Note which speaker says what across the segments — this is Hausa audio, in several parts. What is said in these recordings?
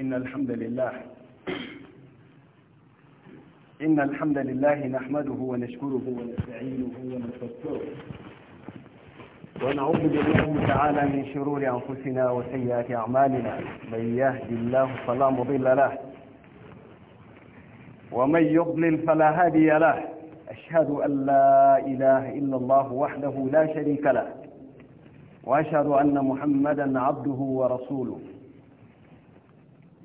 Speaker 1: إن الحمد لله إن الحمد لله نحمده ونشكره ونستعينه ونستغفره ونعوذ بالله تعالى من شرور أنفسنا وسيئات أعمالنا من يهدي الله فلا مضل له ومن يضلل فلا هادي له أشهد أن لا إله إلا الله وحده لا شريك له وأشهد أن محمدا عبده ورسوله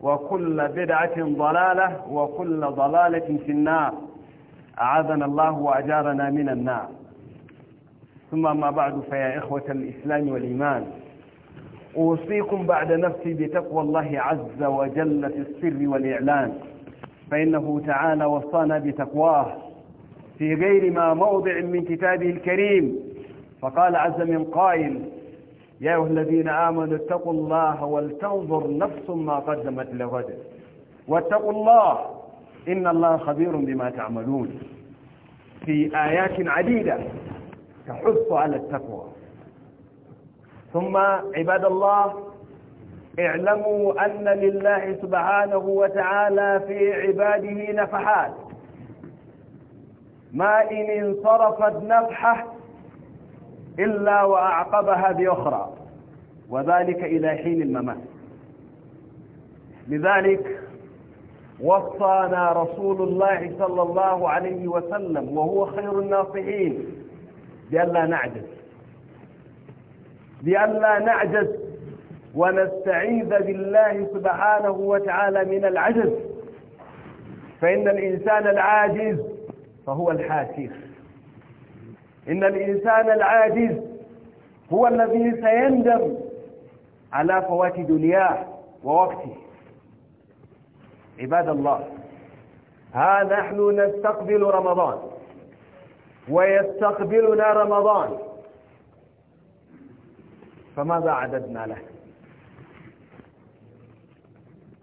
Speaker 1: وكل بدعة ضلالة وكل ضلالة في النار أعاذنا الله وأجارنا من النار ثم ما بعد فيا إخوة الإسلام والإيمان أوصيكم بعد نفسي بتقوى الله عز وجل في السر والإعلان فإنه تعالى وصانا بتقواه في غير ما موضع من كتابه الكريم فقال عز من قائل يا أيها الذين آمنوا اتقوا الله ولتنظر نفس ما قدمت لغد واتقوا الله إن الله خبير بما تعملون في آيات عديدة تحث على التقوى ثم عباد الله اعلموا أن لله سبحانه وتعالى في عباده نفحات ما إن انصرفت نفحه إلا وأعقبها بأخرى وذلك إلى حين الممات لذلك وصانا رسول الله صلى الله عليه وسلم وهو خير الناصحين بألا نعجز بألا نعجز ونستعيذ بالله سبحانه وتعالى من العجز فإن الإنسان العاجز فهو الحاسيخ إن الإنسان العاجز هو الذي سيندم على فوات دنياه ووقته عباد الله ها نحن نستقبل رمضان ويستقبلنا رمضان فماذا عددنا له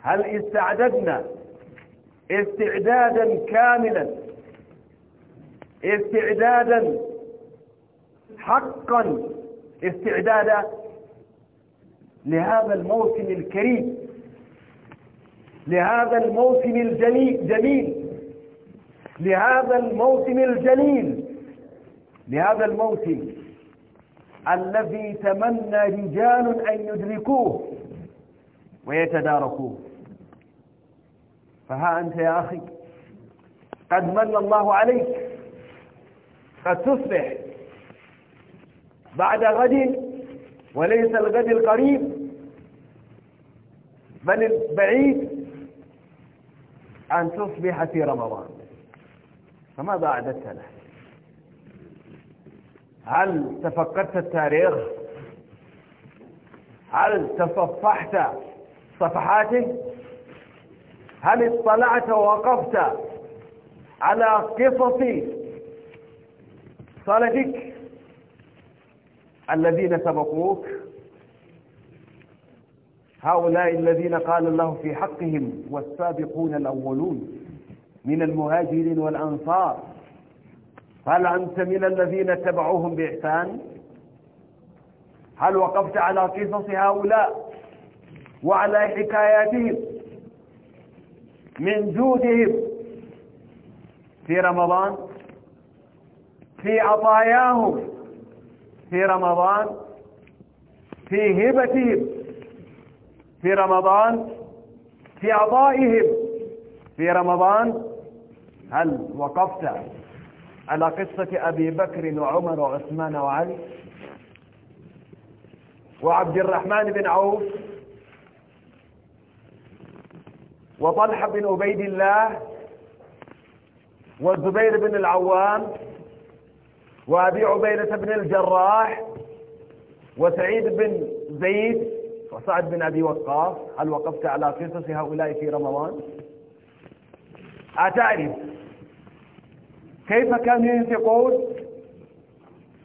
Speaker 1: هل استعددنا استعدادا كاملا استعدادا حقا استعدادا لهذا الموسم الكريم لهذا الموسم الجميل لهذا الموسم الجليل لهذا الموسم الذي تمنى رجال أن يدركوه ويتداركوه فها أنت يا أخي قد من الله عليك قد تصبح بعد غد وليس الغد القريب بل البعيد أن تصبح في رمضان فماذا أعددت له هل تفقدت التاريخ هل تصفحت صفحاته هل اطلعت ووقفت على قصص صلتك الذين سبقوك هؤلاء الذين قال الله في حقهم والسابقون الأولون من المهاجرين والأنصار هل أنت من الذين تبعوهم بإحسان هل وقفت على قصص هؤلاء وعلى حكاياتهم من جودهم في رمضان في عطاياهم في رمضان في هبتهم في رمضان في عطائهم في رمضان هل وقفت على قصة أبي بكر وعمر وعثمان وعلي وعبد الرحمن بن عوف وطلحة بن عبيد الله والزبير بن العوام وأبي عبيدة بن الجراح وسعيد بن زيد وسعد بن أبي وقاص هل وقفت على قصص هؤلاء في رمضان أتعرف كيف كانوا ينفقون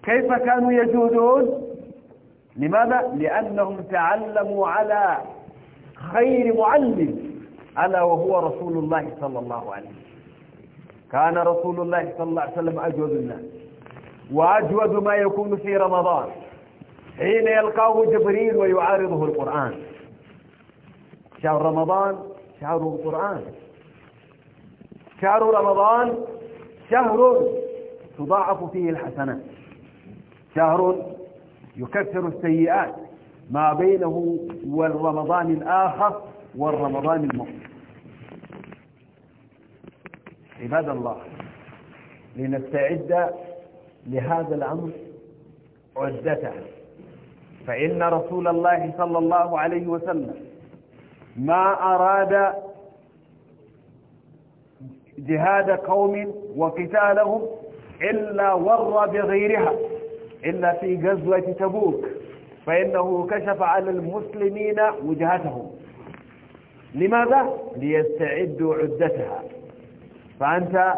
Speaker 1: كيف كانوا يجودون لماذا لأنهم تعلموا على خير معلم ألا وهو رسول الله صلى الله عليه وسلم كان رسول الله صلى الله عليه وسلم أجود الناس وأجود ما يكون في رمضان حين يلقاه جبريل ويعارضه القرآن شهر رمضان شهر القرآن شهر رمضان شهر تضاعف فيه الحسنات شهر يكثر السيئات ما بينه والرمضان الآخر والرمضان المقبل عباد الله لنستعد لهذا الأمر عدتها فإن رسول الله صلى الله عليه وسلم ما أراد جهاد قوم وقتالهم إلا ور بغيرها إلا في غزوة تبوك فإنه كشف على المسلمين وجهتهم لماذا؟ ليستعدوا عدتها فأنت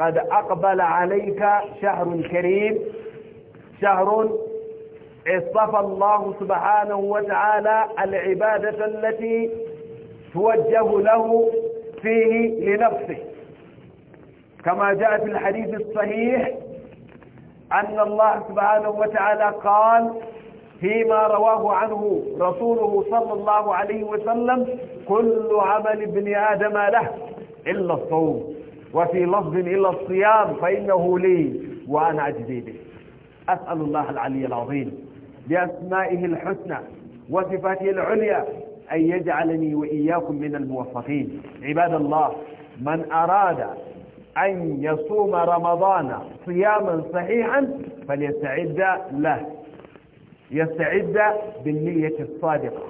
Speaker 1: قد أقبل عليك شهر كريم شهر اصطفى الله سبحانه وتعالى العبادة التي توجه له فيه لنفسه كما جاء في الحديث الصحيح أن الله سبحانه وتعالى قال فيما رواه عنه رسوله صلى الله عليه وسلم كل عمل ابن آدم له إلا الصوم وفي لفظ إلا الصيام فإنه لي وأنا أجزي به أسأل الله العلي العظيم بأسمائه الحسنى وصفاته العليا أن يجعلني وإياكم من الموفقين عباد الله من أراد أن يصوم رمضان صياما صحيحا فليستعد له يستعد بالنية الصادقة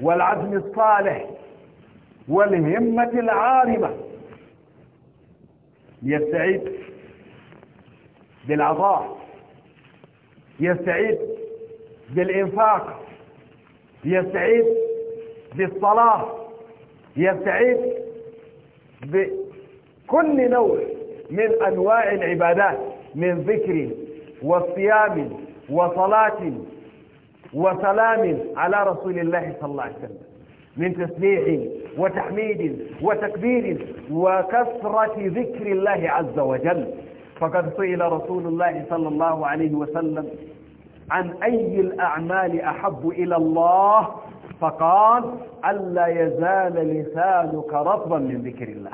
Speaker 1: والعزم الصالح والهمة العارمة يستعيد بالعطاء يستعيد بالإنفاق يستعيد بالصلاة يستعيد بكل نوع من أنواع العبادات من ذكر وصيام وصلاة وسلام على رسول الله صلى الله عليه وسلم من تسبيح وتحميد وتكبير وكثرة ذكر الله عز وجل فقد سئل رسول الله صلى الله عليه وسلم عن أي الأعمال أحب إلى الله فقال ألا يزال لسانك رطبا من ذكر الله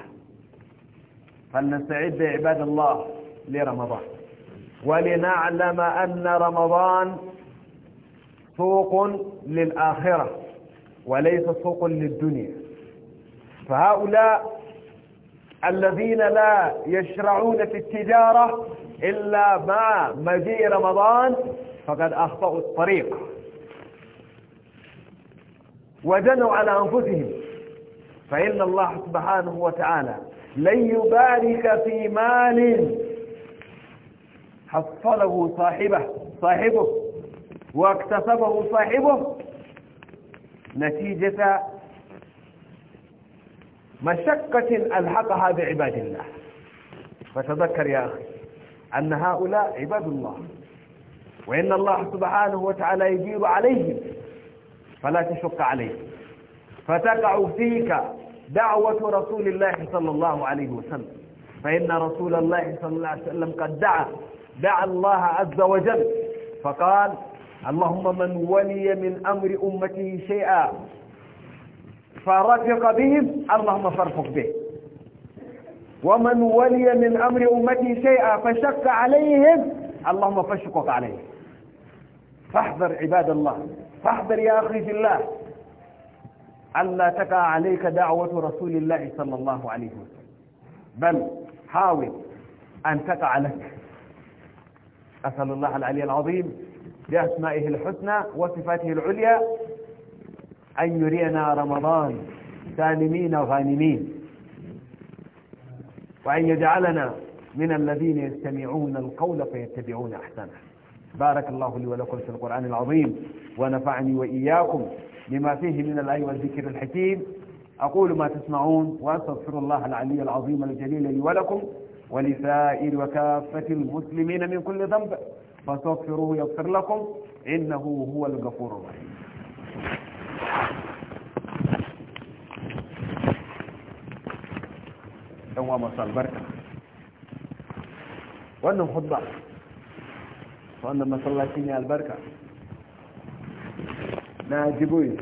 Speaker 1: فلنستعد عباد الله لرمضان ولنعلم أن رمضان سوق للآخرة وليس سوق للدنيا فهؤلاء الذين لا يشرعون في التجارة إلا مع مجيء رمضان فقد أخطأوا الطريق وجنوا على أنفسهم فإن الله سبحانه وتعالى لن يبارك في مال حصله صاحبه صاحبه واكتسبه صاحبه نتيجة مشقة ألحقها بعباد الله فتذكر يا أخي أن هؤلاء عباد الله وإن الله سبحانه وتعالى يجير عليهم فلا تشق عليهم فتقع فيك دعوة رسول الله صلى الله عليه وسلم فإن رسول الله صلى الله عليه وسلم قد دعا دعا الله عز وجل فقال اللهم من ولي من أمر أمته شيئا فرفق بهم اللهم فارفق به ومن ولي من أمر أمتي شيئا فشق عليهم اللهم فاشقق عليه فاحذر عباد الله فاحذر يا أخي في الله ألا تقع عليك دعوة رسول الله صلى الله عليه وسلم بل حاول أن تقع لك أسأل الله العلي العظيم بأسمائه الحسنى وصفاته العليا أن يرينا رمضان سالمين غانمين وأن يجعلنا من الذين يستمعون القول فيتبعون أحسنه بارك الله لي ولكم في القرآن العظيم ونفعني وإياكم لما فيه من الآي والذكر الحكيم أقول ما تسمعون وأستغفر الله العلي العظيم الجليل لي ولكم ولسائر وكافة المسلمين من كل ذنب فاستغفروه يغفر لكم إنه هو الغفور الرحيم ɗan wa masu albarka wannan hudba wannan masallaci ne albarka na jibuis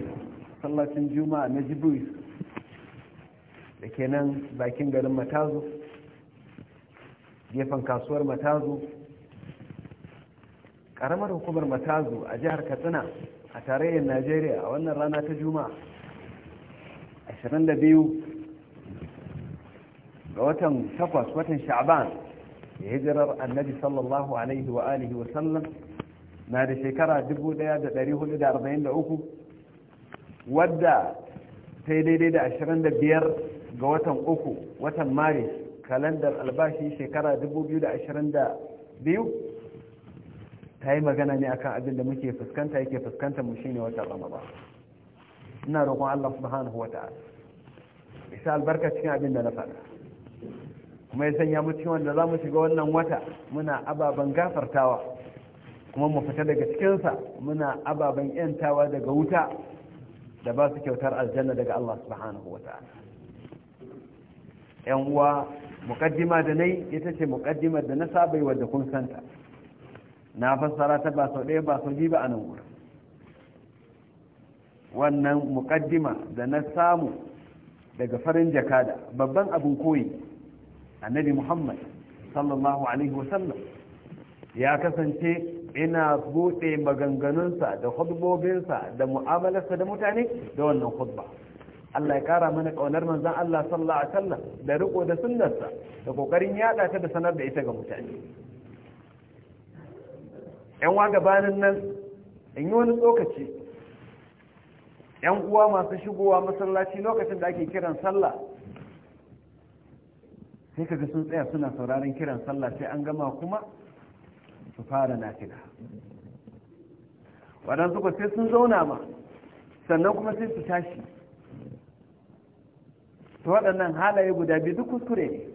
Speaker 1: masallacin juma'a na jibuis da ke nan bakin garin matazu gefen kasuwar matazu karamar hukumar matazu a jihar katsina a tarayyar najeriya a wannan rana ta juma'a 22 ga watan 8 watan sha'ban ya hijirar annabi sallallahu alaihi wa alihi wa sallam na da shekara 1443 wadda ta yi daidai da 25 ga watan uku watan maris kalandar albashi shekara 2022 ta yi magana ne akan abin da muke fuskanta yake fuskantar mu shine wata ramadan ina roƙon Allah subhanahu wa ta'ala isa albarka cikin abin da na faɗa kuma ya sanya mu cikin wanda za mu shiga wannan wata muna ababen gafartawa kuma mu fita daga cikinsa muna ababen yantawa daga wuta da ba su kyautar aljanna daga Allah subhanahu wa ta'ala yan uwa muqaddima da nayi ita ce muqaddimar da na yi wadda kun santa na fassara ta ba sau ɗaya ba sau biyu ba a nan wurin wannan muƙaddima da na samu daga farin jakada babban abin koyi annabi muhammad sallallahu alaihi wasallam ya kasance ina buɗe maganganunsa da hudubobinsa da mu'amalarsa da mutane da wannan hudba Allah ya kara mana kaunar manzan Allah sallallahu alaihi wasallam da riko da sunnarsa da kokarin yada ta da sanar da ita ga mutane yan wa gabanin nan in yi wani tsokaci yan uwa masu shigowa masallaci lokacin da ake kiran sallah sai kaga sun tsaya suna sauraron kiran sallah sai an gama kuma su fara na nafila waɗansu ba sai sun zauna ma sannan kuma sai su tashi su waɗannan halaye guda biyu duk kuskure ne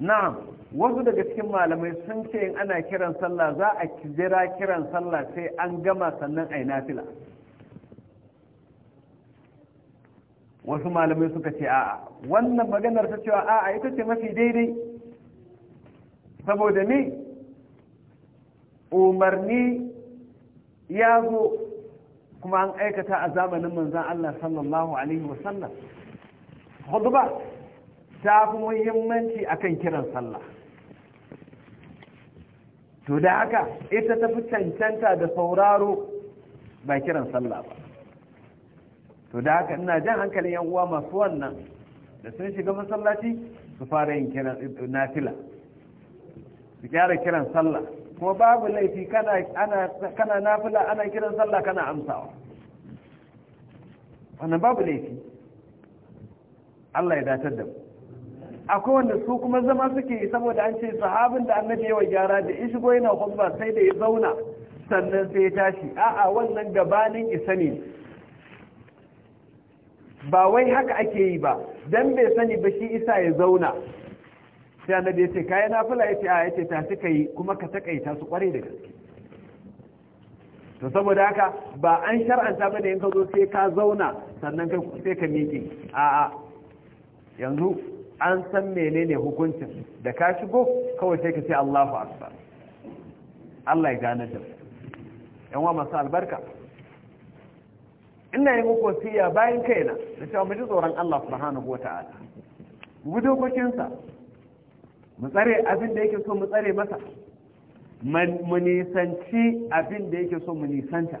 Speaker 1: na'am wasu daga cikin malamai sun ce in ana kiran sallah za a jira kiran sallah sai an gama sannan a yi nafila wasu malamai suka ce a'a wannan maganar ta cewa a'a ita ce mafi daidai saboda ni, umarni ya zo kuma an aikata a zamanin manzan Allah sallallahu alaihi wasallam hudu ba ta fi muhimmanci a kan kiran sallah to da haka ita ta fi cancanta da sauraro ba kiran sallah ba to da haka ina jan hankalin yan uwa masu wannan da sun shiga masallaci su fara yin kiran nafila su kyara kiran sallah kuma babu laifi kana kana nafila ana kiran sallah kana amsawa wannan babu laifi Allah ya datar da mu akwai wanda su kuma zama suke yi saboda an ce sahabin da annabi yawa gyara da ishigo yana khutba sai da ya zauna sannan sai ya tashi a'a wannan gabanin isa ne ba wai haka ake yi ba dan bai sani ba shi isa ya zauna sai annabi ya ce kayan fula ya ce a ya ce ta suka yi kuma ka takaita su kware da gaske to saboda haka ba an shar'anta bane in ka zo sai ka zauna sannan kai sai ka miƙe a'a yanzu an san menene hukuncin da ka shigo kawai sai ka ce Allahu akbar Allah ya gane da yan wa masu albarka ina yi muku wasiya bayan kaina da cewa mu ji tsoron Allah subhanahu wata'ala mu bi dokokinsa mu tsare abin da yake so mu tsare masa mu nisanci abin da yake so mu nisanta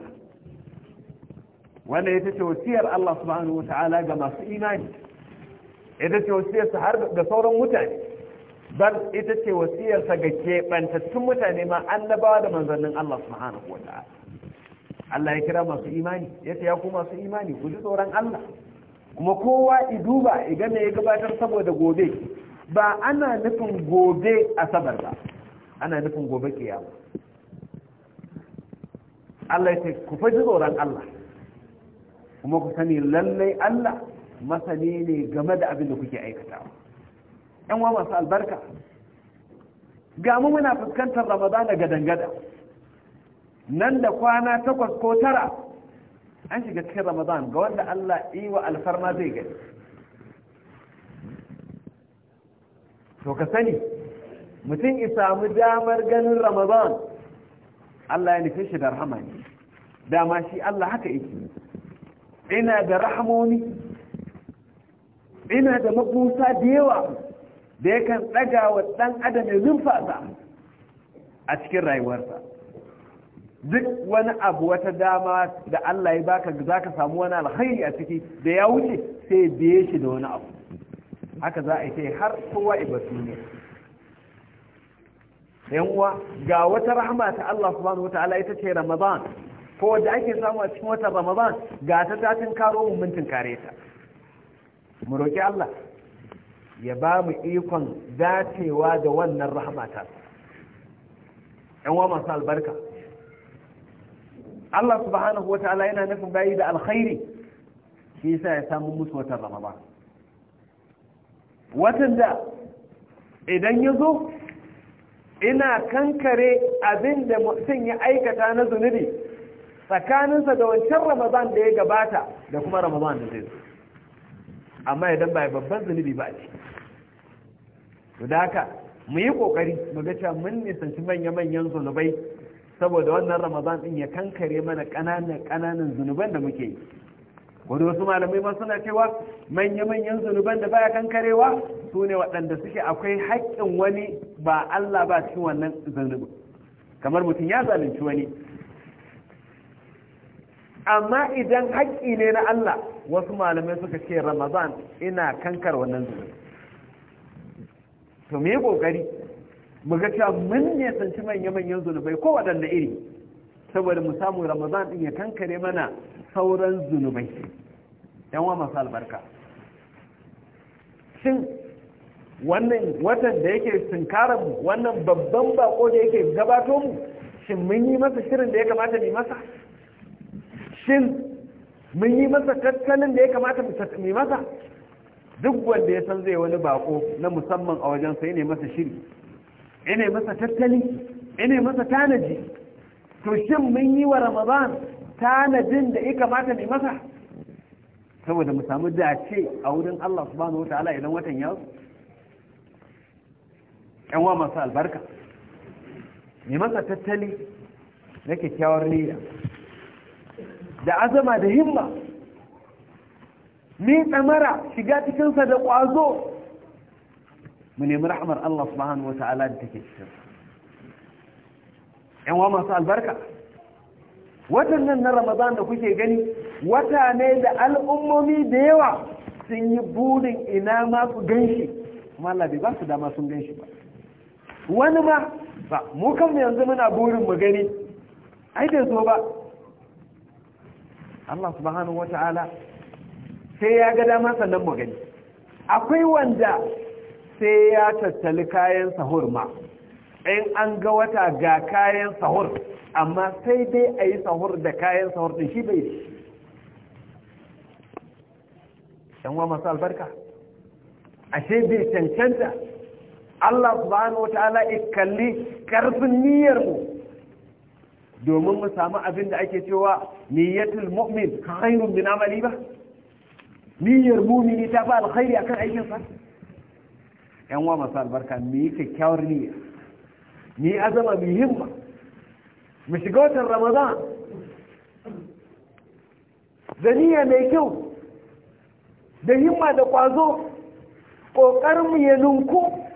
Speaker 1: wannan ita ce wasiyar Allah subhanahu wata'ala ga masu imani ita ce wasiyarsa har ga sauran mutane bal ita ce wasiyarsa ga keɓantattun mutane ma annabawa da manzannin Allah subhanahu wa ta'ala Allah ya kira masu imani ya ce ya ku masu imani ku ji tsoron Allah kuma kowa i duba i ga ya gabatar saboda gobe ba ana nufin gobe asabar ba ana nufin gobe kiyama Allah ya ce ku faji tsoron Allah kuma ku sani lallai Allah masani ne game da abin da kuke aikatawa yan wa masu albarka ga mu muna fuskantar ramadan da gada nan da kwana takwas ko tara an shiga cikin ramadan ga wanda Allah iwa alfarma zai gani to ka sani mutum ya samu damar ganin ramadan Allah ya nufin shi da rahama ne dama shi Allah haka yake ina da rahamoni ina da mabusa da yawa da ya kan ɗaga wa ɗan adam ya a cikin rayuwarsa duk wani abu wata dama da Allah ya baka za ka samu wani alkhairi a ciki da ya wuce sai biye shi da wani abu haka za a yi sai har kowa ibatu ne yanwa ga wata rahama ta Allah subhanahu wataala ita ce Ramadan ko da ake samu a cikin watan Ramadan ga ta tatin karo mun kare ta mu roƙi Allah ya ba mu ikon dacewa da wannan rahama ta wa masu albarka Allah subhanahu wa ta'ala yana nufin bayi da alkhairi shi yasa ya samu musu watan ramadan watan da idan ya zo ina kankare abin da mutum ya aikata na zunubi tsakaninsa da wancan ramadan da ya gabata da kuma ramadan da zai zo amma idan ba babban zunubi ba ce da haka mu yi kokari mu ga cewa mun nisanci manya-manyan zunubai saboda wannan ramadan din ya kankare mana kananan kananan zunuban da muke yi wani wasu malamai ma suna cewa manya-manyan zunuban da baya kankarewa su ne waɗanda suke akwai haƙƙin wani ba Allah ba cikin wannan zunubin kamar mutum ya zalunci wani amma idan haƙƙi ne na Allah wasu malamai suka ce Ramadan ina kankar wannan zuwa to me ƙoƙari, mu ga cewa mun ne sanci manya-manyan zunubai ko waɗanda iri saboda mu samu Ramadan ɗin ya kankare mana sauran zunubai yan wa masu albarka shin wannan watan da yake tunkarar mu wannan babban bako da yake gabato mu shin mun yi masa shirin da ya kamata mu yi masa shin mun yi masa tattalin da ya kamata mu masa duk wanda ya san zai wani bako na musamman a wajen sai ne masa shiri ina masa tattali ina masa tanaji to shin mun yi wa ramadan tanajin da ya kamata mu masa saboda mu samu dace a wurin Allah subhanahu wataala idan watan ya zo yan wa masu albarka ne masa tattali na kyakkyawar niyya da azama da himma ni tsamara shiga cikinsa da ƙwazo mu nemi rahmar Allah subhanahu wa ta'ala da take cikin yan wa masu albarka watan nan na ramadan da kuke gani wata ne da al'ummomi da yawa sun yi burin ina ma ku ganshi kuma Allah ba su dama sun ganshi ba wani ma ba mu kan yanzu muna burin mu gani ai da zo ba Allah subhanahu wata'ala sai ya ga dama sannan mu gani akwai wanda sai ya tattali kayan sahur ma in an ga wata ga kayan sahur amma sai dai a yi sahur da kayan sahur din shi bai yan wa masu albarka ashe bai cancanta Allah subhanahu wata'ala ikalli karfin niyyar mu domin mu samu abin da ake cewa niyyatul mu'min khairun min amali ba niyyar mumini ta ba alkhairi akan aikin sa yan wa masu albarka mu yi kyakkyawar niyya Ni azama mu himma mu shiga watan ramadan da niyya mai kyau da himma da kwazo ƙoƙarin mu ya ninku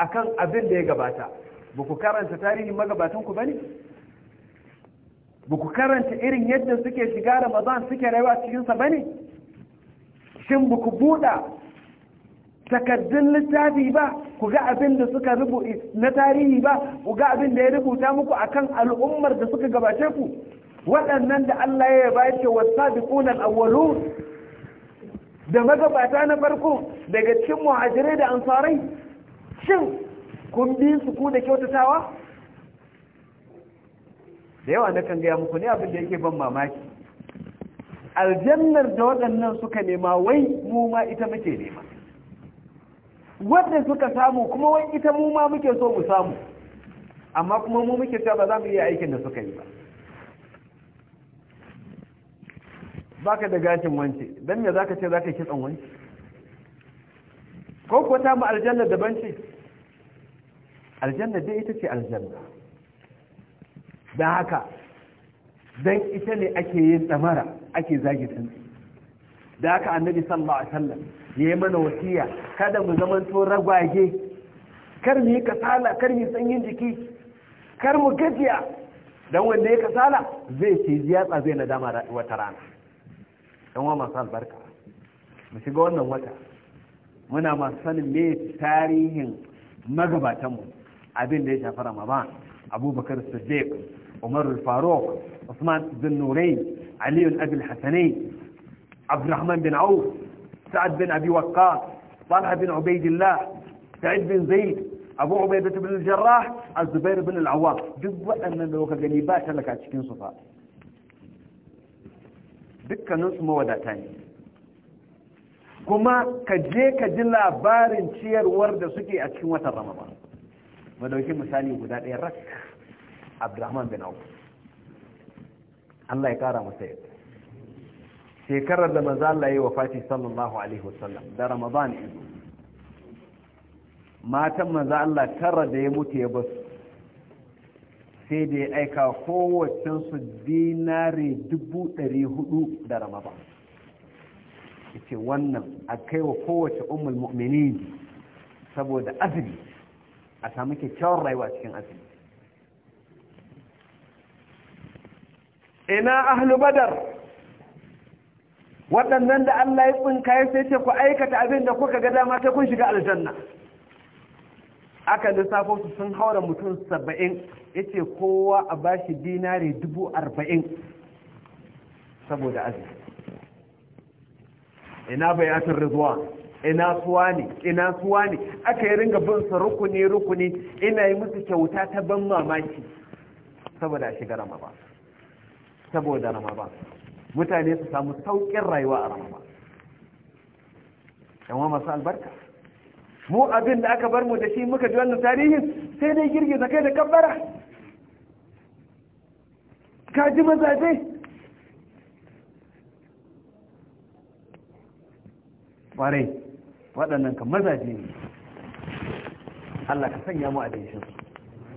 Speaker 1: akan abin da ya gabata ba ku karanta tarihin magabatan ku ba ne ba ku karanta irin yadda suke shiga ramadan suke rayuwa cikinsa ba ne shin ba ku buɗa takardun littafi ba ku ga abin da suka rubuta na tarihi ba ku ga abin da ya rubuta muku akan al'ummar da suka gabace ku waɗannan da Allah ya yaba ce wasabiqun al awwalu da magabata na farko daga cikin muhajirai da ansarai shin kun bi su ku da kyautatawa da yawa na kan gaya muku ne abin da yake ban mamaki aljannar da waɗannan suka nema wai mu ma ita muke nema wadda suka samu kuma wai ita mu ma muke so mu samu amma kuma mu muke cewa ba za mu iya aikin da suka yi ba Ba ka da gashin wance dan me ka ce zaka kitsan wance ko kuwa ta mu aljannar daban ce Aljannar dai ita ce aljanna da haka don ita ne ake yin tsamara ake zagi tantsi da haka annabi sallallahu alaihi wasallam ya yi mana wasiya kada mu zamanto ragwage kar mu yi kasala kar mu sanyin jiki kar mu gajiya don wanda ya kasala zai ce ziyatsa zai dama wata rana don wa masu albarka mu shiga wannan wata muna masu sanin me tarihin magabatanmu abin da ya shafi ramadan abubakar siddiq عمر الفاروق عثمان بن نورين علي بن أبي الحسني عبد الرحمن بن عوف سعد بن أبي وقاص طلحة بن عبيد الله سعيد بن زيد أبو عبيدة بن الجراح الزبير بن العوام دقوا أن لو كان يباشا لك أتشكين صفاء دكا نسمى ودا تاني كما كجي كجلا بارن شير ورد سكي أتشكين وطر رمضان ولو يكون مثالي ودا إيرك abdurrahman bin auf Allah ya kara masa yadda shekarar da maza Allah ya yi wafati sallallahu alaihi wasallam da ramadan izo matan maza Allah tara da ya mutu ya basu sai da ya aika kowacin su dinari dubu ɗari hudu da ramadan ya ce wannan a kai wa kowace umul mu'minin saboda azumi a samu kyakkyawar rayuwa cikin azumi ina ahlu badar waɗannan da Allah ya tsinka ya sai ce ku aikata abin da kuka ga dama sai kun shiga aljanna aka lissafo su sun haura mutum saba'in ya ce kowa a bashi dinari dubu arba'in saboda azu ina bayatun rizuwa ina suwa ne ina suwa ne aka yi ringa bin su rukuni rukuni ina yi musu kyauta ta ban mamaki saboda shiga rama ba saboda ramadan mutane su samu sauƙin rayuwa a ramadan yan masu albarka mu abin da aka bar mu da shi muka ji wannan tarihin sai dai girgiza kai da kabbara ka ji mazaje Ƙwarai, waɗannan ka mazaje ne Allah ka sanya mu a daishinsu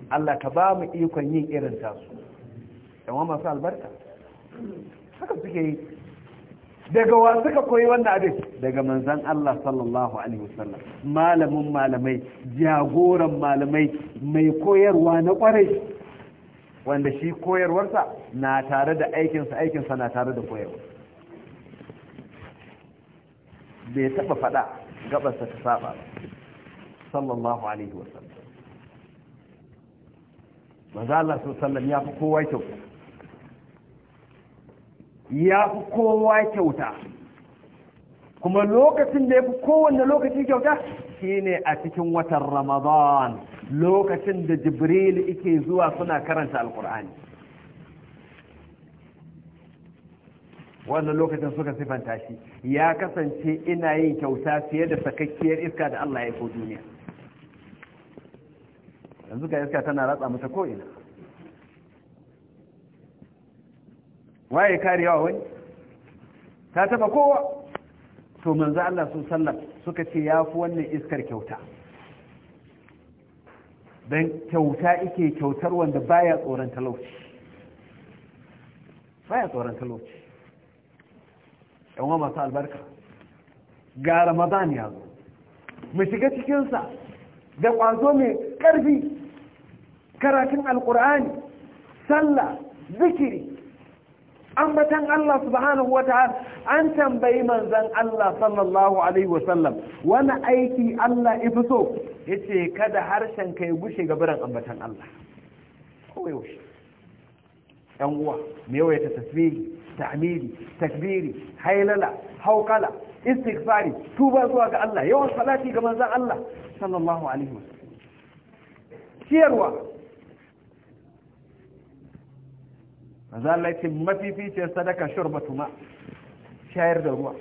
Speaker 1: Allah ka ba mu ikon yin irin tasu yawan masu albarka haka suke yi daga wa suka koyi wannan abin daga manzan Allah sallallahu alaihi wasallam malamin malamai jagoran malamai mai koyarwa na kwarai wanda shi koyarwarsa na tare da aikinsa aikinsa na tare da koyarwa bai taba fada gabarsa ta saba sallallahu alaihi wasallam manzan Allah sallallahu alaihi wasallam ya fi kowa kyau ya fi kowa kyauta kuma lokacin da ya fi kowanne lokaci kyauta shine a cikin watan ramadan lokacin da jibril ike zuwa suna karanta alkur'ani wannan lokacin suka sifanta shi ya kasance ina yin kyauta fiye da sakakkiyar iska da allah ya ko duniya yanzu ga iska tana ratsa mata ko'ina waye karewa wani ta taba kowa to manzo Allah sun sallam suka ce ya fi wannan iskar kyauta Dan kyauta ike kyautar wanda baya tsoron talauci baya tsoron talauci yawan masu albarka ga ramadan ya zo mu shiga cikinsa da kwazo mai ƙarfi karatun alƙur'ani sallah zikiri ambatan Allah subhanahu wa ta'ala an tambayi manzan Allah sallallahu alaihi wa sallam wani aiki Allah ifi so ya ce kada harshen kai gushe ga biran ambatan Allah kawai yaushe yan uwa me yawaita tasbihi ta'mili takbiri hailala haukala istighfari tuba zuwa ga Allah yawan salati ga manzan Allah sallallahu alaihi wa sallam ciyarwa manzo Allah ya ce mafificiyar sadaka shurbatu ma shayar da ruwa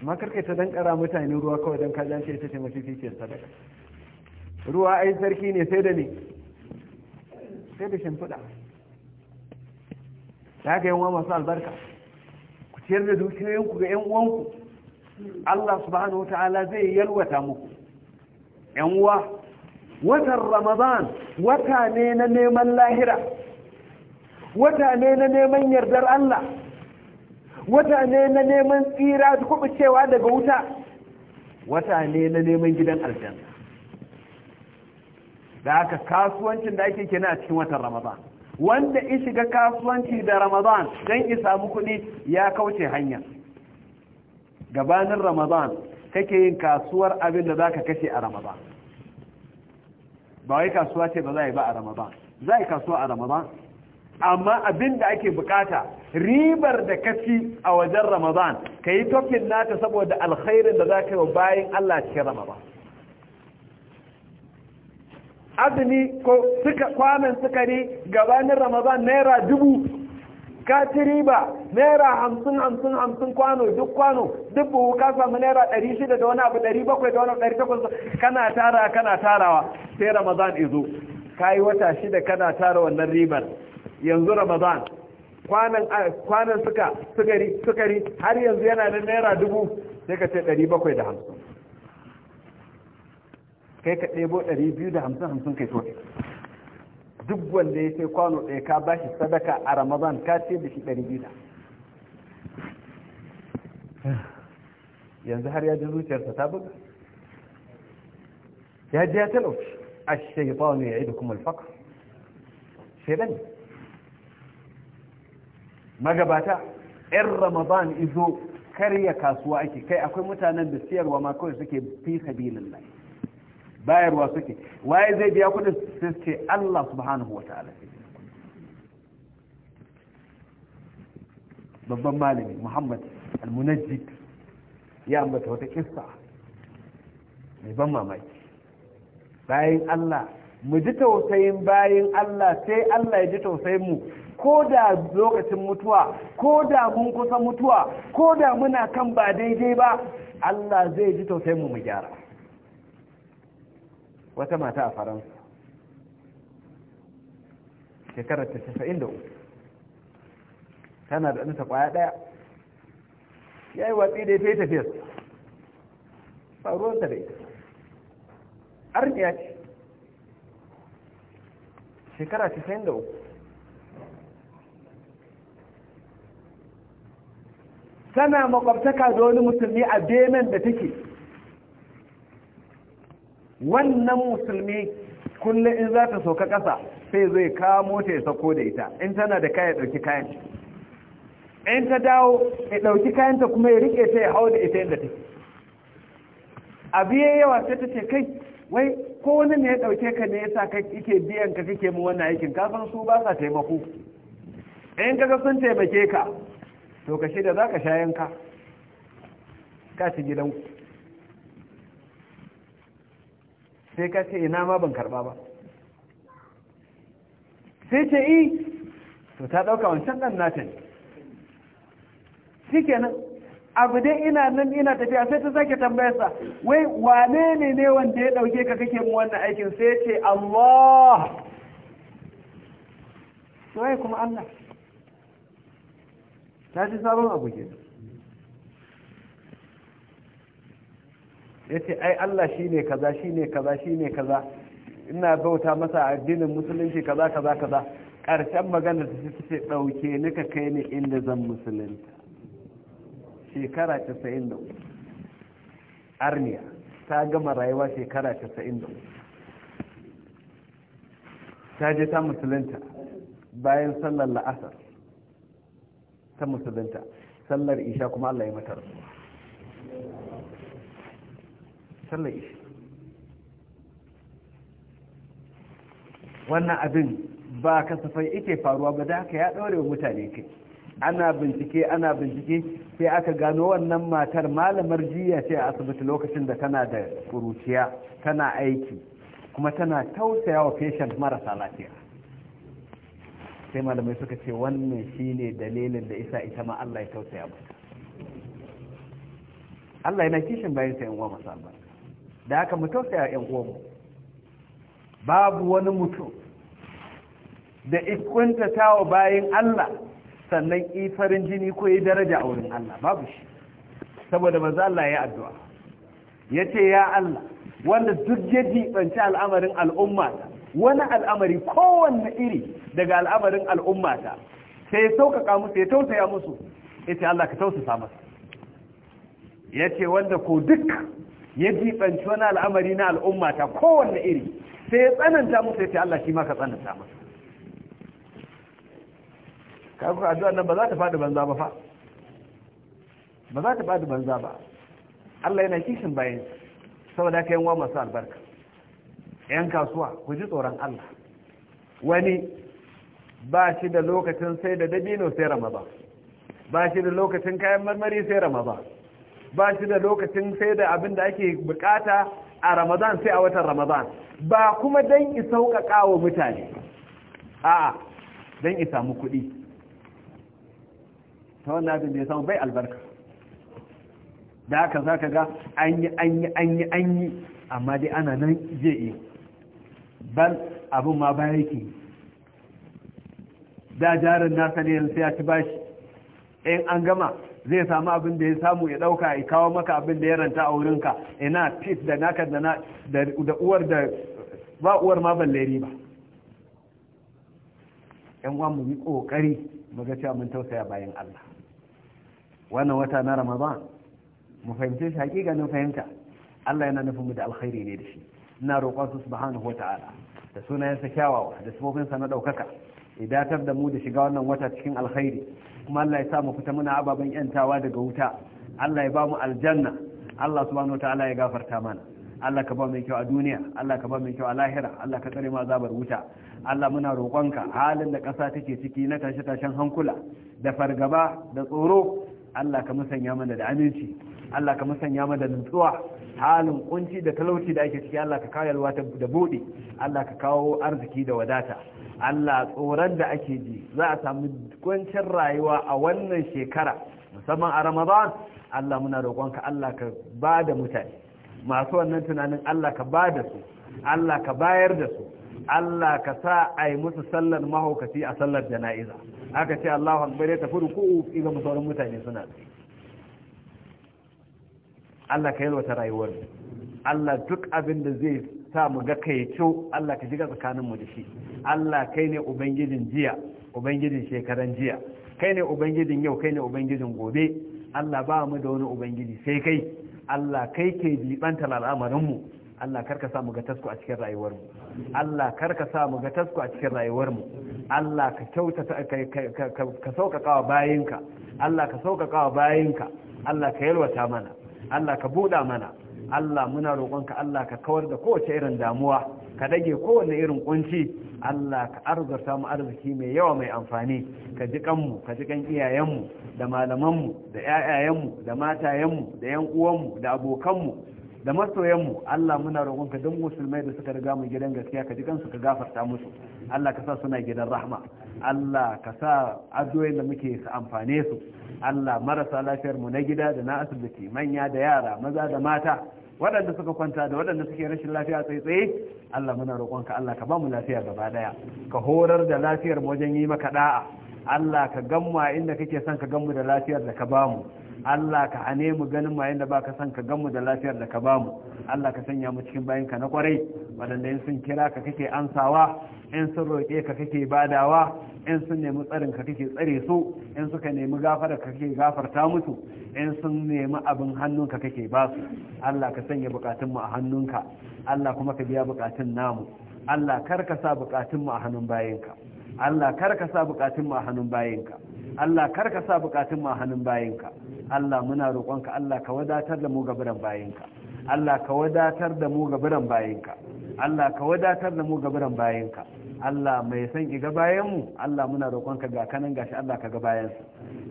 Speaker 1: amma karka ta dan kara mutane ruwa kawai don kajan ce ita ce mafificiyar sadaka ruwa ai sarki ne sai da ne sai da shimfiɗa ta haka yin masu albarka ku ciyar da dukiyoyinku ga yan uwanku Allah subhanahu wa ta'ala zai yalwata muku yan uwa watan ramadan wata ne na neman lahira wata ne na neman yardar Allah wata ne na neman tsira da cewa daga wuta wata ne na neman gidan aljanna da haka kasuwancin da ake kina a cikin watan ramadan wanda in shiga kasuwanci da ramadan don ya samu kuɗi ya kauce hanya gabanin ramadan kake yin kasuwar abin da za ka kashe a ramadan ba wai kasuwa ce ba za yi ba a ramadan za yi kasuwa a ramadan amma abin da ake bukata ribar da kaci a wajen ramadan ka yi tofin nata saboda alkhairin da za ka yi bayan allah cikin ramadan azumi ko kwanan ne gabanin ramadan naira dubu ka ci riba naira hamsin hamsin hamsin kwano duk kwano duk buhu ka samu naira ɗari shida da wani abu ɗari bakwai da wani ɗari takwas kana tara kana tarawa sai ramadan izo ka yi wata shida kana tara wannan ribar yanzu ramadan kwanan kwanan suka sukari sukari har yanzu yana da naira dubu sai ka ce ɗari bakwai da hamsin kai ka ɗebo ɗari biyu da hamsin hamsin kai soke duk wanda ya ce kwano ɗaya ka ba shi sadaka a ramadan ka ce da shi ɗari biyu da yanzu har ya ji zuciyarsa ta buga ya ji ya talauci a shaifa ne ya yi da kuma alfaka shaidan ne magabata yan ramadan izo karya kasuwa ake kai akwai mutanen da siyarwa ma kawai suke fi sabilillah bayarwa suke waye zai biya kudin sai ce Allah subhanahu wataala babban malami Muhammad al-Munajjid ya ambata wata kissa mai ban mamaki bayan Allah mu ji tausayin bayan Allah sai Allah ya ji tausayin mu ko da lokacin mutuwa ko da mun kusa mutuwa ko da muna kan ba daidai ba Allah zai ji tausayin mu mu gyara wata mata a faransa shekarar ta uku tana da ɗanta ƙwaya ɗaya ya yi watsi da ya fi tafiyar faruwanta da ita arniya ce shekara 93 tana makwabtaka da wani musulmi a benin da take wannan musulmi kullum in za ta sauka ƙasa sai zai kamo ta ya sauko da ita in tana da kayan ɗauki kayan in ta dawo ya ɗauki kayanta kuma ya riƙe ta ya hau da ita yadda take A biye yawa sai ta ce kai wai ko wani ne ya ɗauke ka ne yasa ka kike biyan ka kake mu wannan aikin kafin su ba sa taimako in kaga sun taimake ka to ka shida za ka sha yanka ka ci gidanku sai ka ce ina ma ban karba ba sai ce yi eh, to ta ɗauka wancan ɗan nata ne shi nan abu dai ina nan ina tafiya sai ta sake tambayarsa wai wane ne ne wanda ya ɗauke ka kake mu wannan aikin sai ce Allah wai kuma Allah ta ji sabon abu ke ya ce ai Allah shi ne kaza shi ne kaza shi ne kaza ina bauta masa a addinin musulunci kaza kaza kaza ƙarshen magana ta ta ce ɗauke ni ka kai ni inda zan musulunta shekara 93 arniya ta gama rayuwa shekara 93 ta je ta musulunta bayan sallar la'asar ta musulunta sallar isha kuma Allah ya mata rasuwa sallar isha wannan abin ba kasafai ike faruwa ba da haka ya ɗaure wa mutane kai ana bincike ana bincike sai aka gano wannan matar malamar jiya ce a asibiti lokacin da tana da ƙuruciya tana aiki kuma tana tausaya wa patient marasa lafiya sai malamai suka ce wannan shine dalilin da isa ita ma Allah ya tausaya mata Allah yana kishin bayan sa yan uwa masu albarka da haka mu tausaya yan uwa mu babu wani mutum da ikunta tawo bayan Allah sannan ifarin jini ko yi daraja a wurin Allah babu shi saboda manzo Allah ya addu'a yace ya Allah wanda duk ya jibanci al'amarin al'umma wani al'amari kowanne iri daga al'amarin al'ummata sai ya sauƙaƙa musu ya tausaya musu ya ce Allah ka tausasa masa ya ce wanda ko duk ya jibanci wani al'amari na al'ummata kowanne iri sai ya tsananta musu ya ce Allah shi ma ka tsananta masa kafin addu'a nan ba za ta faɗi banza ba fa ba za ta faɗi banza ba Allah yana kishin bayan saboda ka yi wa masu albarka 'yan kasuwa ku ji tsoron Allah wani ba shi da lokacin sai da dabino sai rama ba shi da lokacin kayan marmari sai rama ba shi da lokacin sai da abin da ake bukata a ramadan sai a watan ramadan ba kuma don isa wa mutane a'a don isa mu kuɗi ta wannan abin da ya samu bai albarka da haka za ka ga an yi an yi an yi an yi amma dai ana nan zai iya bal abin ma baya yake da jarin nasa ne yanzu ya ci bashi in an gama zai samu abin da ya samu ya dauka ya kawo maka abin da ya ranta a wurinka ina tis da naka da uwar da ba uwar ma balle riba yan uwan mu yi kokari mu ga cewa mun tausaya bayan Allah wannan wata na Ramadan mu fahimce shi hakika na fahimta Allah yana nufin mu da alkhairi ne da shi ina roƙon su subhanahu wata'ala da sunayensa kyawawa da sifofinsa na ɗaukaka idatar da mu da shiga wannan wata cikin alkhairi kuma Allah ya sa mu fita muna ababen yantawa daga wuta Allah ya ba mu aljanna Allah subhanahu wata'ala ya gafarta mana Allah ka ba mai kyau a duniya Allah ka ba mai kyau a lahira Allah ka tsare mu zabar wuta Allah muna roƙonka halin da ƙasa take ciki na tashe-tashen hankula da fargaba da tsoro Allah ka musanya mana da aminci Allah ka musanya mana da nutsuwa halin kunci da talauci da ake ciki Allah ka kawo yalwa da buɗe Allah ka kawo arziki da wadata Allah tsoron da ake ji za a samu kwancin rayuwa a wannan shekara musamman a Ramadan Allah muna roƙonka Allah ka ba da mutane masu wannan tunanin Allah ka ba da su Allah ka bayar da su Allah ka sa a yi musu sallar mahaukaci a sallar jana'iza aka ce Allah akbar ya tafi ruku'u idan sauran mutane suna tsaye Allah ka yalwata rayuwar Allah duk abin da zai sa mu ga kai kyau Allah ka jiga tsakanin mu da shi Allah kai ne ubangijin jiya ubangijin shekaran jiya kai ne ubangijin yau kai ne ubangijin gobe Allah ba mu da wani ubangiji sai kai Allah kai ke bibanta al'amarin mu Allah karka sa mu ga tasku a cikin rayuwar mu Allah karka sa mu ga tasku a cikin rayuwar mu Allah ka kyauta ka sauƙaƙa wa bayinka Allah ka sauƙaƙa wa bayinka Allah ka yalwata mana Allah ka buɗa mana Allah muna roƙonka Allah ka kawar da kowace irin damuwa ka dage kowane irin kunci Allah ka arzurta mu arziki mai yawa mai amfani ka ji kanmu ka ji kan iyayenmu da malamanmu da 'ya'yayenmu, da matayenmu da 'yan uwanmu da abokanmu da masoyanmu Allah muna roƙonka duk musulmai da suka riga mu gidan gaskiya ka ji kansu ka gafarta musu Allah ka sa suna gidan rahma Allah ka sa addu'o'in da muke su amfane su Allah marasa lafiyar mu na gida da na asibiti manya da yara maza da mata waɗanda suka kwanta da waɗanda suke rashin lafiya tsaye Allah muna roƙonka Allah ka ba mu lafiya gaba daya ka horar da lafiyar mu wajen yi maka da'a Allah ka gamma inda kake son ka gamu da lafiyar da ka bamu Allah ka hane mu ganin mayan da baka san ka gan mu da lafiyar da ka bamu, mu Allah ka sanya mu cikin bayan ka na kwarai waɗanda in sun kira ka kake ansawa in sun roƙe ka kake badawa in sun nemi tsarin ka kake tsare su in suka nemi gafara ka kake gafarta musu in sun nemi abin hannun ka kake ba su Allah ka sanya bukatun mu a hannunka Allah kuma ka biya bukatun namu Allah kar ka sa bukatun mu a hannun bayanka Allah kar ka sa bukatun mu a hannun ka. Allah kar ka sa bukatun ma hannun bayinka Allah muna roƙonka Allah ka wadatar da mu gaburan bayinka Allah ka wadatar da mu gaburan bayinka Allah ka wadatar da mu gaburan bayinka Allah mai san ga bayan mu Allah muna roƙonka ga kanan gashi Allah ka ga bayan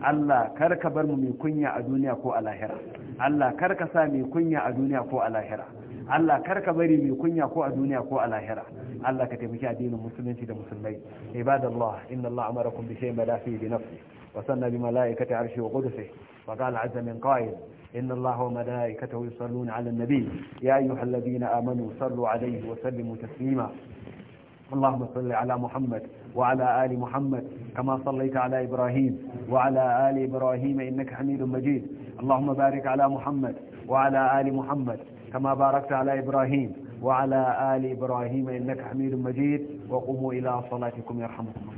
Speaker 1: Allah kar ka bar mu mai kunya a duniya ko a lahira Allah kar ka sa mai kunya a duniya ko a lahira Allah kar ka bari mai kunya ko a duniya ko a lahira Allah ka taimaki addinin musulunci da musulmai ibadallah inna Allah amarakum bi shay'in la fi li nafsi wa sanna bi malaikati arshi wa qudusi wa إن الله وملائكته يصلون على النبي يا أيها الذين آمنوا صلوا عليه وسلموا تسليما اللهم صل على محمد وعلى آل محمد كما صليت على إبراهيم وعلى آل إبراهيم إنك حميد مجيد اللهم بارك على محمد وعلى آل محمد كما باركت على إبراهيم وعلى آل إبراهيم إنك حميد مجيد وقوموا إلى صلاتكم يرحمكم